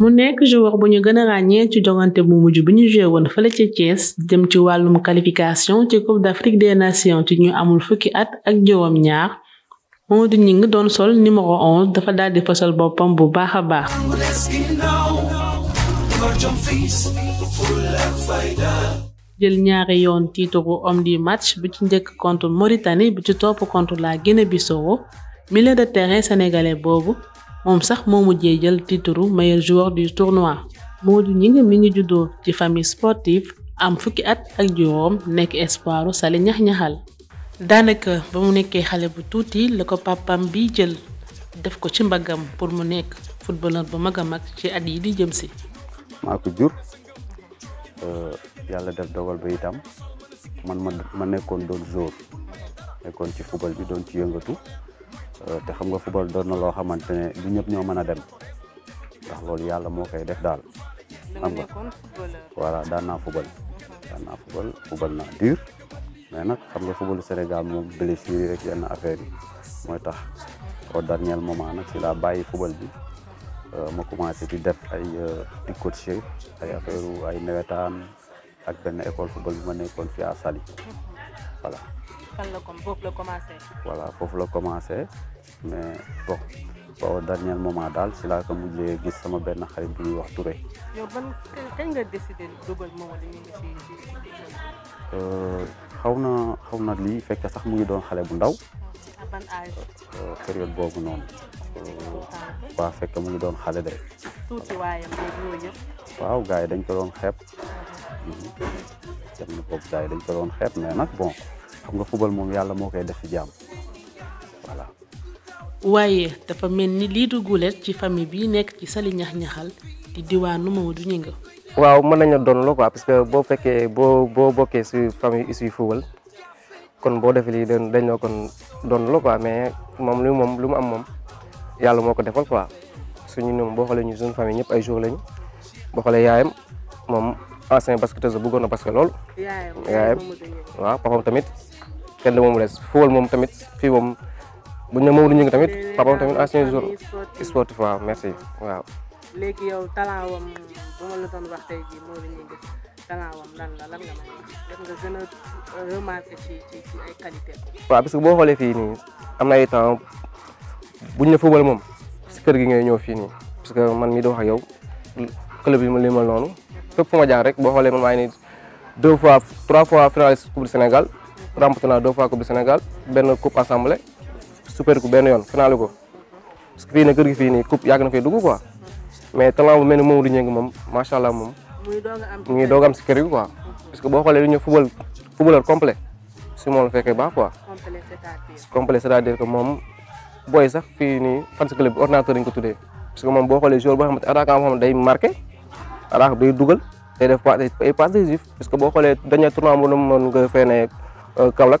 mu nekk joueur bu ñu gën a ràññee ci jogante bu mujj bi ñu joué woon fële ca Thiès jëm ci wàllum qualification ci Coupe d'Afrique des Nations ci ñu amul fukki at ak juróom ñaar Mamadou Gningue doon sol numéro 11 dafa daal di fasal boppam bu baax a baax. jël ñaari yoon tiitaru om di match bu ci njëkk contre Mauritanie bu ci topp contre la Guinée Bissau milieu de terrain sénégalais boobu moom sax moo mujjee jël titre meilleur joueur du tournoi Modou Ñing mi ngi juddoo ci famille sportive am fukki at ak juróom nekk espoiru sali ñax ñaxal daanaka ba mu nekkee xale bu tuuti la ko papam bi jël def ko ci mbagam pour mu nekk footballeur bu mag a mag ci at yi di jëm si maa ko jur Euh, yàlla def dogal ba itam man ma ma nekkoon doon jour nekkoon ci football bi doon ci yëngatu euh, te xam nga football doon na loo xamante ne du ñëpp ñoo mën a dem ndax loolu yàlla moo koy def daal. xam nga voilà daan naa football daan naa football football naa dur nag xam nga footballu Sénégal moom blessure rek yenn affaire yi mooy tax au dernier moment nag si laa bàyyi football bi. Euh, ma commencé di def ay euh, di coacher ay affaire ay nawetaan ak benn école football bi ma nekkoon fii à Saly voilà. fan la foofu la commencé. mais bon. au dernier moment daal si laa ko mujjee gis sama benn xarit bu ñuy wax Touré. yow ban euh, xaw na xaw na lii fekk sax mu ngi doon xale bu ndaw. ban âge. Euh, période boobu noonu. Euh, waa fekk mu ngi doon xale de. tuuti waaye waaw gars yi dañ ko doon xeeb. dem na boobu gars dañ ko doon xeeb nag bon xam nga football moom yàlla moo koy def si jàmm. waaye dafa mel ni lii du gulet ci famille bi nekk ci sali ñax ñaxal di diwaanu mamadou ñinga waaw mën nañu doon lu quoi parce que boo fekkee boo boo bokkee si famille issu fuwal kon boo defee lii dañ dañoo kon doon lu quoi mais moom lu moom lu mu am moom yàlla moo ko defal quoi suñu ñoom boo xoolee ñu suñu famille ñëpp ay jour lañu boo xoolee yaayam moom ancien basketteuse bëggoon na basket lool yaayam yaayam waaw papam tamit kenn moom des fuwal moom tamit fii moom bu ñu moo tamit papa tamit ancien joueur sportif waaw merci waaw légui yow talawam buma la doon wax tay ji mo la ñing talawam lan la lan nga mën def nga gëna ci ci ci ay qualité waaw parce que bo xolé fi ni amna ay temps buñ la football mom si kër gi ngay ñëw fi ni parce que man mi do wax ak yow club bi ma limal nonu fepp ma jaar rek bo xolé man may ni deux fois trois fois finaliste coupe du Sénégal remporté deux fois coupe du Sénégal ben coupe assemblée super ku ben yon finale parce que fii ne kër gi fii nii coupe yàgg na quoi mais talent bu ni Mamadou Niang moom macha allah moom mu ngi doog am si kër gi quoi parce que boo xoolee dañu football footballeur complet si moom la fekkee baax quoi complet c'est-à-dire que moom booy sax fii fan club ordinateur dañ ko tuddee parce que moom boo xoolee joueur boo xamante attaquant boo day day dugal day def ay passe décisif parce que tournoi nga ne kaulak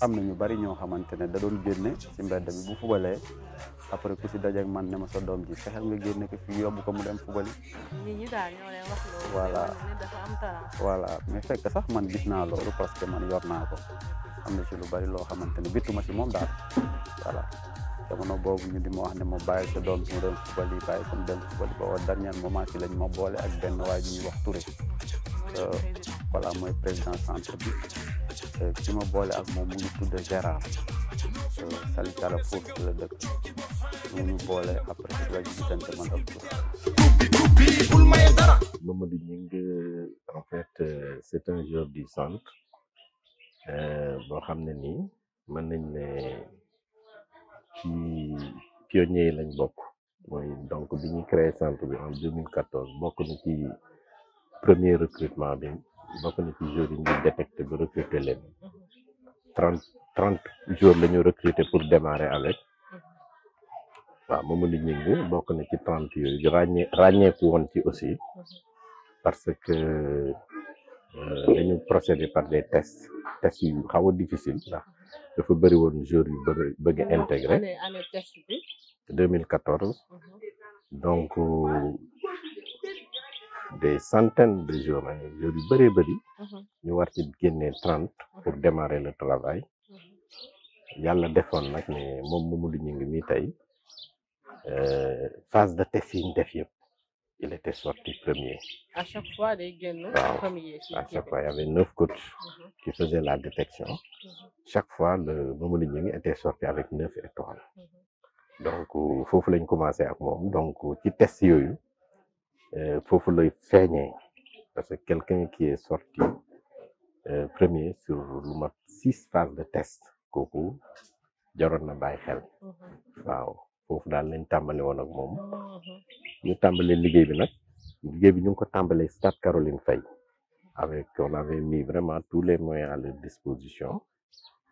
am na ñu bari ñoo xamante ne da doon génne ci mbedd bi bu fubalee après ku si dajeeg man ne ma sa doom ji fexeel nga génne ko fii yóbbu ko mu dem fubali. nit ñi daal ñoo leen wax loolu. fekk sax man gis naa loolu parce que man yor naa ko am na ci lu bari loo xamante ne bittuma ci moom daal voilà. jamono boobu ñu di ma wax ne ma bàyyi sa doom bi mu dem fubali bàyyi ko mu dem fubali ba au dernier moment ci lañu ma boole ak benn waay bi ñuy wax Touré euh, voilà mooy président centre bi. ci ma boole ak moom mu ngi tudd Gérard Sali Talla foofu la dëkk mu ñu boole après si la gisante man ak Mamadou Gningue en fait c'est un di du centre boo xam ne nii mën nañ ne ci pionnier yi lañ bokk mooy donc bi ñu créé centre bi en 2014 bokk na ci premier recrutement bi bokk na ci jours yi ñuy détecté ba recruter leen 30 30 jours la ñu recruter pour démarrer avec waaw moom la ñu ngi bokk na 30 trente yooyu ràññee ràññeeku woon ci aussi parce que dañu procéder par des tests tests yu xaw difficile ndax dafa bëri woon jours yu bëgg a 2014 donc. des centaines de mais yu bëree très, mhm. ñu war ci génnee 30 mhm. pour démarrer le travail Il y a ne moom Mamadou mon mi euh, phase de test yi il était sorti premier. À chaque fois, les premiers. À chaque fois, il y avait neuf coachs mhm. qui faisaient la détection. Chaque fois, le Mamoudou était sorti avec neuf étoiles. Donc, il euh, faut commencer avec moi. Donc, petit test, euh, foofu lay feeñee parce que quelqu'un qui est sorti euh, premier sur lu mat six phases de test koku jaroon na bàyyi xel mm-hmm. waaw foofu dal lañ tàmbali won ak mom mm-hmm. ñu tàmbali liggéey bi nak liggéey bi ñu ko tambalé Stade Caroline Faye avec on avait mis vraiment tous les moyens à leur disposition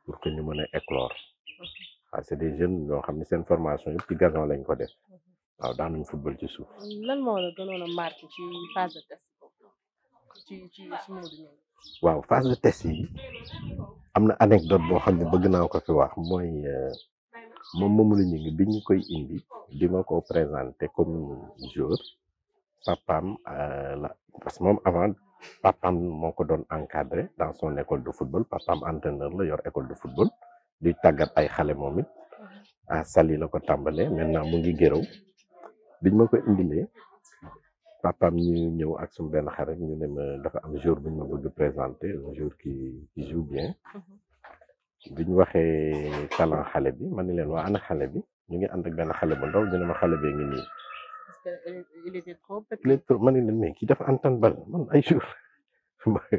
pour que ñu mën éclore ah, c'est des jeunes ñoo xamni ne seen formation yëpp ci gazon lañ ko def waaw daan nañ suuf. lan moo a de test waaw phase de yi am na anecdote boo xam ne bëgg naa ko fi wax mooy euh, moom moomu la ñu ngi bi koy indi di ma koo présenté comme joueur papaam euh, la parce que moom avant papaam moo ko doon encadré dans son école de football papaam entraîneur la yor école de football di tàggat ay xale moom it ah Saly la ko tàmbalee maintenant mu ngi gërëw. biñ ma ko indilee papam ñu ñëw ak sama ben xarit ñu né ma dafa am jour buñ ma bëgg présenter un jour qui qui joue bien biñ waxé talent xalé bi man leen wa ana xalé bi ñu ngi and ak ben xalé bu ndaw ñu ma xalé bi ngi ni il était trop petit leen mais dafa antan bal man ay jour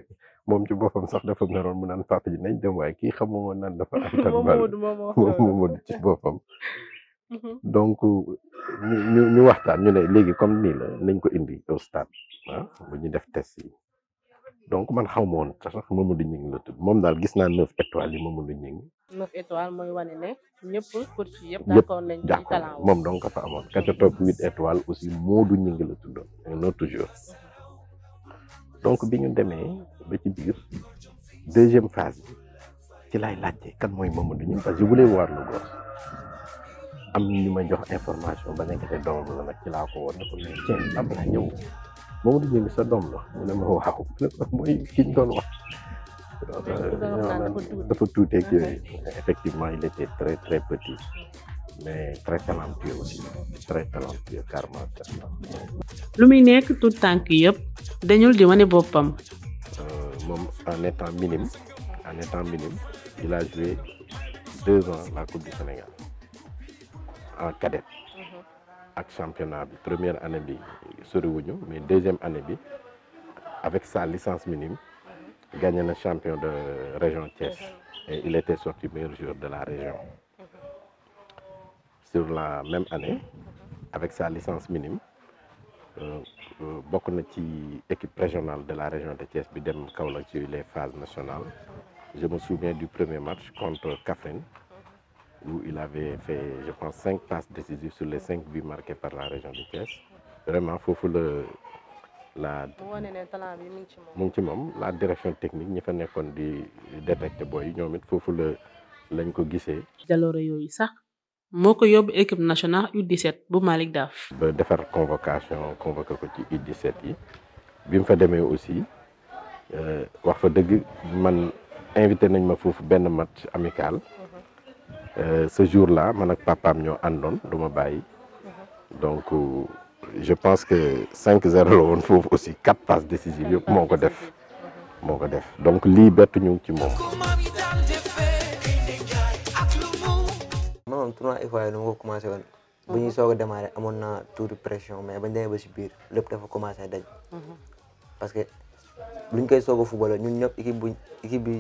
mom ci bopam sax dafa naroon mu nan papa ji nañ dem way ki xamuma nan dafa antan bal moom moom ci bopam Mm-hmm. donc ñu waxtaan ñu ne léegi comme nii la nañ ko indi au stade ah bu ñu def test yi donc man xaw ma woon sax Mamadou Gningue la tudd moom daal gis naa neuf étoiles yi moom Gningue. neuf étoiles mooy wane ne ñëpp pour ci yëpp d'accord nañ ci talent moom donc ka fa amoon ka ca topp huit étoiles aussi Modou Gningue la tuddoon un autre mm-hmm. donc bi ñu demee ba ci biir deuxième phase bi ci laay laajte kan mooy Mamadou Gningue parce que je voulais voir le am ñu ma jox information ba nek té doom la nag ci la ko woon ko mais ci am la ñew moom du jëng sa doom la mu ne ma waaw mooy kiñ doon wax dafa tuuteeg yooyu effectivement il était très très petit mais très talentueux aussi très talentueux karma lu muy nek tout tank yépp dañul di wone bopam euh, mom en étant minime en étant minime il a joué deux ans la coupe du sénégal en cadette. le mhm. championnat première année bi soriwuñu mais deuxième année bi avec sa licence minime mhm. gagné le champion de région Thiès mhm. et il était sorti meilleur joueur de la région. sur la même année avec sa licence minime euh, euh, beaucoup équipe régionale de la région de Thiès bi dem les phases nationales je me souviens du premier match contre Catherine où il avait fait, je pense, cinq passes décisives sur les cinq buts marqués par la région du Thiès. Vraiment, foofu le, la mu ngi la direction technique ne fa rien di détecté boy, yi ñoom it foofu la lañ ko gisee. jaloore yooyu sax moko ko équipe nationale U17 bu Malik Daf. ba convocation convoqué ko ci U17 yi bi fa démé aussi euh, wax fa deug man invité nañ ma faire un match amical. Euh, ce jour-là mon ak papaam Andon, je dans ma donc euh, je pense que 5-0 on trouve aussi 4 passes décisives pour donc lii bettu ñu ci moom. maanaam commencé pression mais bañ suis ba mhm. parce que luñ koy soog football ñun ñëpp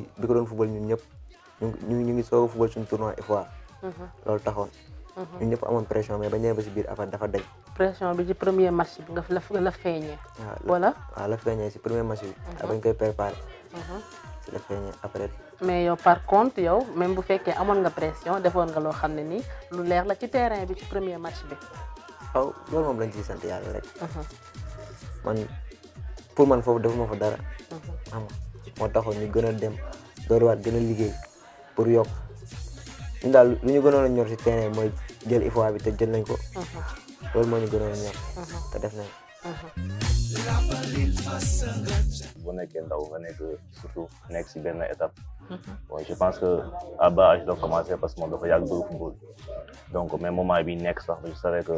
football ñu ñu ngi soog a football suñu tournoi mhm. fois loolu taxoon ñun ñëpp mhm. amoon pression mais bañ ñëwee ba si biir affaire dafa dañ pression bi ci premier match bi nga la la feeñee wala waaw la feeñee si premier match bi ak bañ koy préparé si la feeñee après mais yow par contre yow même bu fekkee amoon nga pression defoon nga loo xam ne nii lu leer la ci terrain bi ci premier match bi waaw loolu moom lañ ciy sant yàlla rek mhm. man pour man foofu defuma fa dara xam nga moo taxoon ñu dem dooruwaat gën a liggéey pour yokk ñun daal lu ñu gënoon a ñor si terrain mooy jël IFOA bi te jël nañ ko. Uh-huh. loolu moo ñu gënoon a ñor. Uh-huh. te def nañ uh-huh. bu nekkee ndaw nga nekk surtout nekk si benn étape. bon je pense que à bas âge la commencé parce que moom dafa yàgg bëgg football donc même moment bi nekk sax je savais que.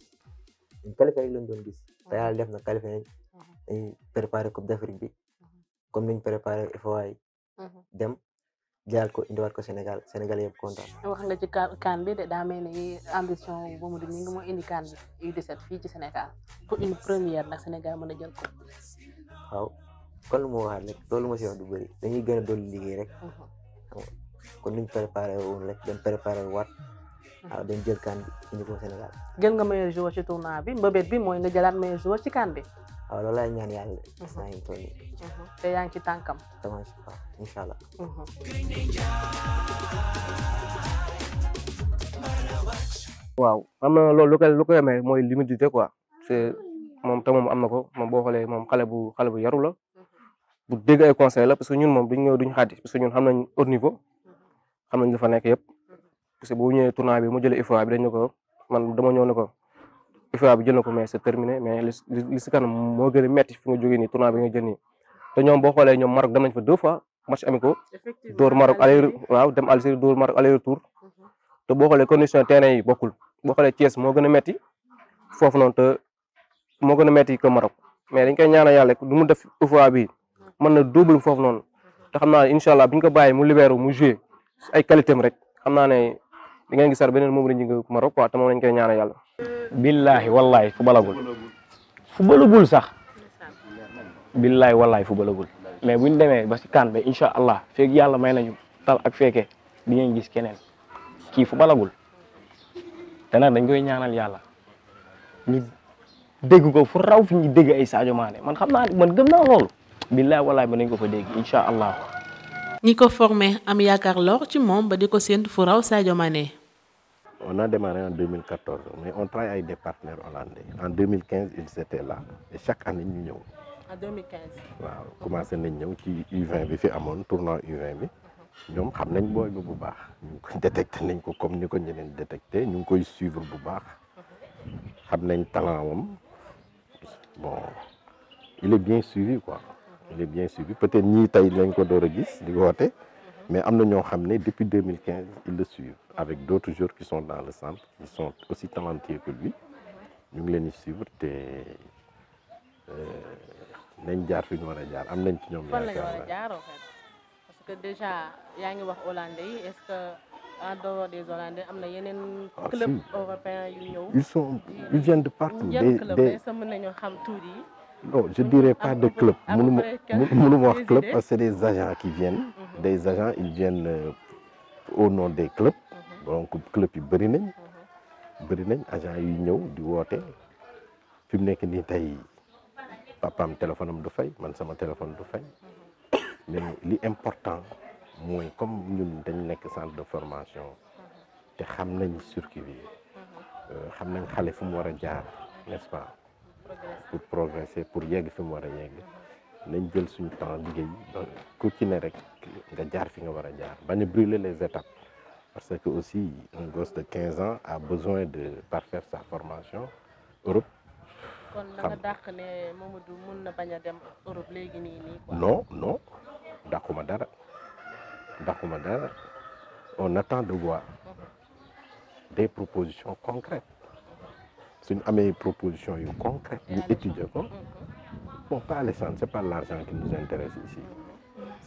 ñun qualifié rek lañ doon gis te yàlla def na qualifié nañ dañ préparé coupe d'Afrique bi comme niñ préparé FOA yi dem jëlaat ko indiwaat ko Sénégal Sénégal yëpp kontaan. wax nga ci kan bi de daa mel ni ambition boobu di mi ngi moo indi kan bi U17 fii ci Sénégal pour une première nag Sénégal mën a jël ko. waaw kon lu ma waxaat loolu ma si wax du bëri dañuy gën a dolli liggéey rek. kon nuñ préparé woon rek dem préparé waat. waaw ah, dañ jël kan bi indi ko Sénégal. bi mooy nga jëlaat meilleur joueur ci kan bi. waaw ah, loolu mhm. mhm. te yaa ngi ci tànkam. tamit waaw incha waaw am na loolu lu koy lu koy may mooy limite quoi c'est ah. moom te moom am na ko moom boo xoolee moom xale bu xale bu yaru la. Mhm. bu dégg ay conseil la parce que ñun moom duñ ñëw duñ xaati parce que ñun xam nañ haut niveau. xam nañ dafa nekk yëpp. parce que bu ñëwee tournoi bi mu jëlee UFOA bi dañ ne ko man dama ñëw ne ko UFOA bi jël na ko mais c'est terminé mais li li si kanam moo a metti fi nga jógee nii bi nga jël nii te ñoom boo xoolee ñoom Maroc dem nañ fa deux fois match amicaux dóor Maroc aller waaw dem Algérie dóor Maroc aller retour mhm. te boo xoolee a a mais dañ koy ñaanal yàlla mu def UFOA bi mën na double foofu noonu te xam naa incha allah bu ñu ko mu libéré mu joué ay qualité rek di ngeen gisar beneen moom la ñu ngi Maroc quoi te moom lañ koy ñaanal yàlla. billahi wallahi fu sax billahi wallahi fu balagul mais buñ demee ba si kan ba allah feeg yàlla may nañu ak fekkee di gis keneen kii fu balagul te nag dañ koy ñaanal yàlla ñu dégg ko fu raw fi ñu dégg ay Sadio Mané man xam naa man gëm naa loolu billahi wallahi ba nañ ko fa dégg incha allah. ñi ko formé am yaakaar lor ci moom ba di ko séntu fu raw Sadio Mané. on a démarré en 2014, mais on travaille avec des partenaires hollandais. En 2015, ils étaient là. Et chaque année, nous sommes En 2015 Wow. commencé nañ ñëw ci U20 bi fi tournoi U20 bi ñoom xam nañ booy bi bu détecté comme nous ko ñeneen détecté ñu le koy suivre bu baax talent bon il est bien suivi quoi il est bien suivi peut-être que nous lañ ko mais nous ont depuis 2015 ils le suivent avec d'autres joueurs qui sont dans le centre, qui sont aussi talentueux que lui. Nous ngi leen di suivre te euh, nañ jaar fi ñu a jaar am nañ ci ñoom. la a en fait parce que déjà y a wax hollandais est-ce que un dehors des hollandais am na ah, club européen yu ñëw. ils sont ils viennent de partout. des des est-ce que mën nañoo xam tuuti yi. non je dirais pas de club Nous mënuma wax club parce que c'est des agents qui viennent. Mhm. des agents ils viennent euh, au nom des clubs. donc club yi bëri nañ bëri nañ agent yi ñëw di woote fi mu nekk nii tey papaam téléphone am du fay man sama téléphone du fay mais li important mooy comme ñun dañ nekk centre de formation te xam nañ circuit bi euh, xam nañ xale fu mu war a jaar n'est-ce pour progresser pour yegg fi mu war a yegg nañ jël suñu temps liggéey donc ku ci ne rek nga jaar fi nga war a jaar bañ a brûler les étapes Parce que aussi, un gosse de 15 ans a besoin de parfaire sa formation Europe. non non D'accord on attend de voir des propositions concrètes C'est une propositions proposition concrètes on étudier mm-hmm. bon pas pas l'argent qui nous intéresse ici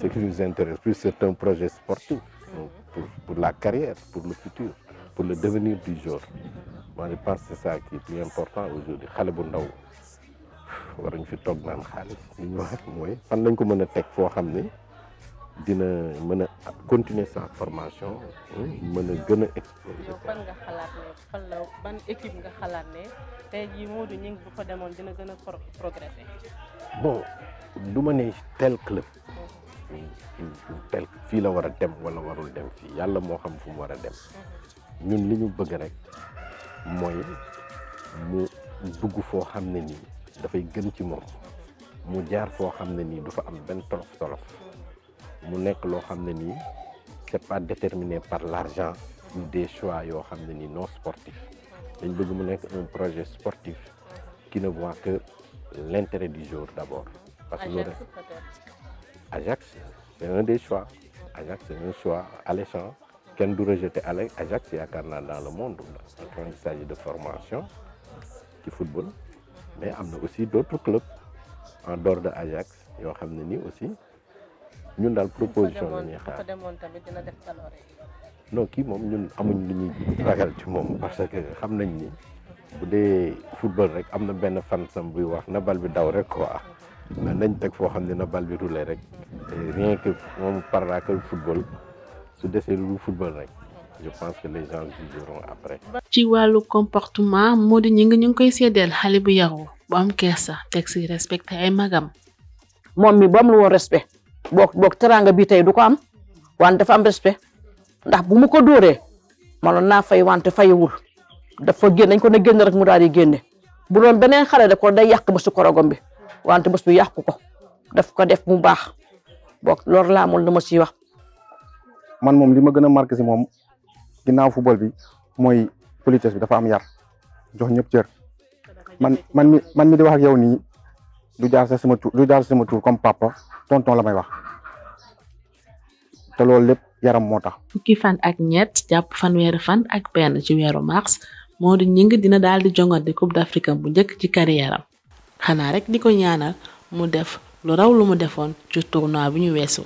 ce qui nous intéresse plus c'est un projet sportif pour, pour, pour, la carrière, pour le futur, pour le devenir du jour. Moi, je pense que c'est ça qui est plus important aujourd'hui. xale bu ndaw war ñu fi toog naan xaalis li ñu wax mooy fan lañ ko mën a teg foo dina mën continuer sa formation hein, mën a gën a exposer. yow fan nga xalaat ne ban équipe nga xalaat ne tey jii Modou Gningue bu fa demoon dina gën progresser. bon du ma ne tel club. Mm-hmm fii tel fi la wara dem wala warul dem fi yalla mo xam fu mu war dem ñun li ñu bëgg rek moy mu dugg fo xam ne nii dafay gën ci moom mu jaar fo xam ne du fa am ben tolof tolof mu nekk lo xam ne c'est pas déterminé par l'argent des choix yo xam ne non sportif dañ bëgg mu nekk un projet sportif qui ne voit que l'intérêt du jour d'abord parce que Ajax c'est un des choix Ajax c'est un choix alléchant kenn doit rejeté Ajax et dans le monde il s'agit de formation du football mais il y a aussi d'autres clubs en dehors de Ajax ont des propositions. aussi des propositions proposition non qui ñun amuñ parce que ni football rek fans, fan wax nañ teg foo xam ne na bal bi roulé rek rien que moom par là que football su desee lu football rek je pense que les gens jugeront après. ci wàllu comportement Modou ñi ngi ñu ngi koy seedeel xale bu yaru bu am kersa teg si respecté ay magam. moom mi bu amul woon respect boog boog teranga bi tey du ko am wante dafa am respect ndax bu mu ko dóoree maloon naa fay wante fayewul dafa génn dañ ko ne génn rek mu daal di bu doon beneen xale da ko day yàq ba su korogom bi wante bés bi yàqu ko daf ko def mu bax bok lor la amul dama ci wax. man mom lima ma gën a marqué si mom, ginnaaw football bi moy politesse bi dafa am yar jox ñëpp cër man man mi man mi di wax ak yow ni du jaar sa sama tour du jaar sama tour comme papa tonton la may wax te loolu lepp yaram moo tax. fukki fan ak japp fan wéru fan ak ben ci wéru mars moo di ñing dina dal di jongante coupe d'Afrique bu ñëk ci carrière xanaa rek di ko ñaanal mu def lu raw lu mu defoon ci tournoi bi ñu weesu.